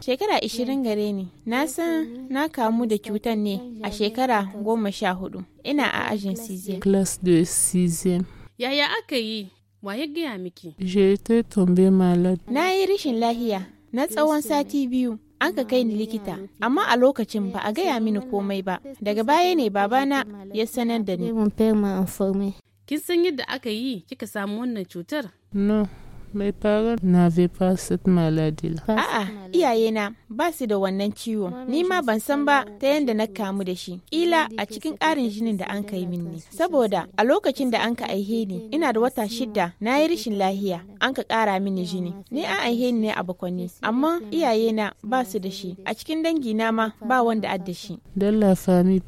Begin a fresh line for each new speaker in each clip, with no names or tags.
Shekara ishirin gare ni, na san na kamu da cutar ne a shekara goma sha hudu. Ina a ajin CZM.
Class de CZM.
Yaya aka yi? Wa ya gaya miki?
Je ta tombe malad.
Na yi rashin lahiya na tsawon sati biyu. An ka kai ni likita, amma a lokacin ba a gaya mini komai ba. Daga baya ne babana ya sanar da ni.
Kin san yadda aka yi
kika samu wannan cutar?
No. mai fara na pas cette maladie là.
A'a, iyayena ba su da wannan ciwo Ni ma ban san ba ta yadda na kamu da shi. Ila a cikin ƙarin jinin da an kai min ne. Saboda a lokacin da an ka aihe ni, ina da wata shida na yi rashin lahiya, an ka ƙara mini jini. Ni an aihe ni ne a bakwani. amma iyayena ba su da shi. A cikin dangi na ma ba wanda da shi.
Dalla fami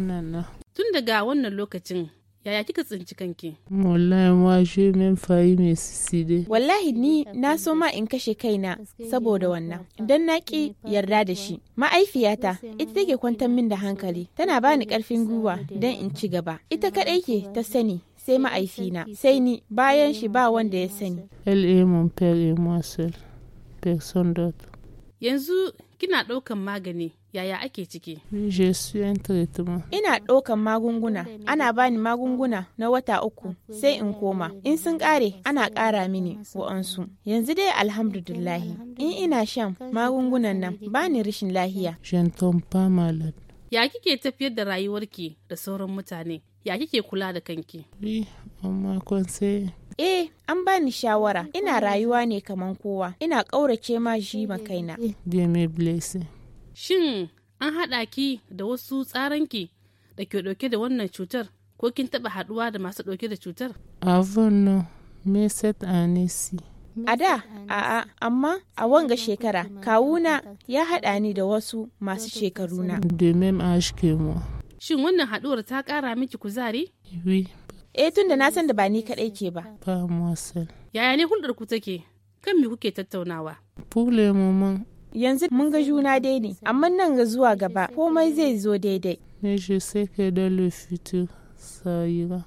na.
Tun daga wannan lokacin yaya kika tsinci kanki
wallahi ma shi min fayi mai sisi dai
wallahi ni na so ma in kashe kaina saboda wannan dan na ki yarda da shi ma'aifiyata ita take kwantar min da hankali tana bani karfin gwiwa dan in ci gaba ita kadai ke ta sani sai ma'aifina sai ni
bayan shi ba wanda ya sani la mun personne d'autre
yanzu kina ɗaukan magani yaya ake ciki? Ina ɗaukan magunguna, ana bani magunguna na wata uku sai in koma. In sun ƙare, ana ƙara mini wa'ansu. Yanzu dai alhamdulillahi, in ina shan magungunan nan bani rashin lahiya.
Ya kike tafiyar da rayuwarki da sauran mutane? Ya kike kula da kanki?
Eh, an bani shawara, ina rayuwa ne kamar kowa, ina ƙaurace ma shi
makaina.
Shin an haɗa ki da wasu tsaranki da ke ɗauke da wannan cutar ko kin taɓa haɗuwa da masu ɗauke da cutar?
A da, a A da, a'a, amma a wanga shekara, kawuna ya haɗa ni da wasu masu shekaruna. Domin Shin wannan haɗuwar ta ƙara miki kuzari? eh tunda na san da ba ni kaɗai
ke ba.
Ba Marcel.
Yaya ne
hulɗar ku take? Kan me kuke tattaunawa?
Fule mun. Yanzu mun ga juna dai ne, amma nan ga zuwa gaba komai zai zo daidai.
Ne je sais que dans le futur, ça ira.